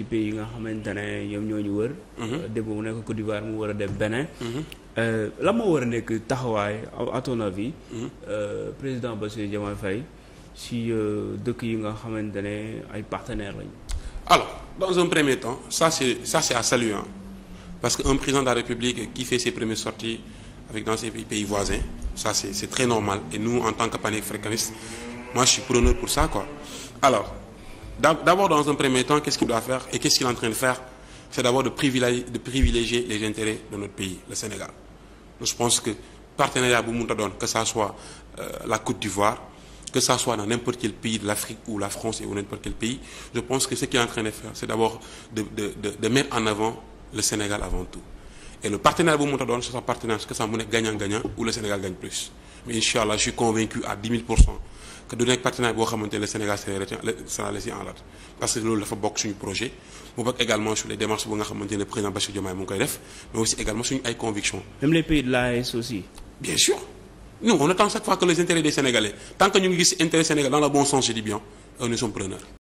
ci pays yi nga xamante ne ñoom ñoo ñu wër. Mhm. Euh, démb mu nekk Côte d'Ivoire mu war a dem Bénin. Mhm. Euh, la moo war a nekk taxawaay à ton avis. Mhm. Euh, président ba Bassirou Diomaye Faye si dëkk yi nga xamante ne ay partenaires lañu. alo dans un premier temps ça c'est ça parce que un président de la République qui fait ses premières sorties avec dans ses pays voisins ça c'est très normal et nous en tant que panafricanistes moi je suis preneur pour ça quoi d'abord dans un premier temps qu'est-ce qu'il doit faire et qu'est-ce qu'il est en de faire c'est d'abord de privilégier les intérêts de notre pays le Sénégal je pense que partenariat bu munta doon que ça soit euh, la Côte d'Ivoire que ça soit dans n'importe quel pays de l'Afrique ou la France et ou n'importe quel pays je pense que ce qu'il est en train de faire c'est d'abord de de de de mettre en avant le Sénégal avant tout et le partenariat bu munta doon c'est un partenariat que que du nekk partenariat boo xamante ne Sénégal sera laissé en rade parce que loolu dafa bokk suñu projet mu également sur les démarches bu nga xamante ne président Bassirou Diomaye mu ngi koy def mais aussi également suñu ay convictions. même les pays de l'AES aussi. bien sûr nous on attend chaque fois que les intérêts des Sénégalais tant que ñu ngi gis intérêt Sénégal dans le bon sens je dis bien euh, nous sommes preneurs.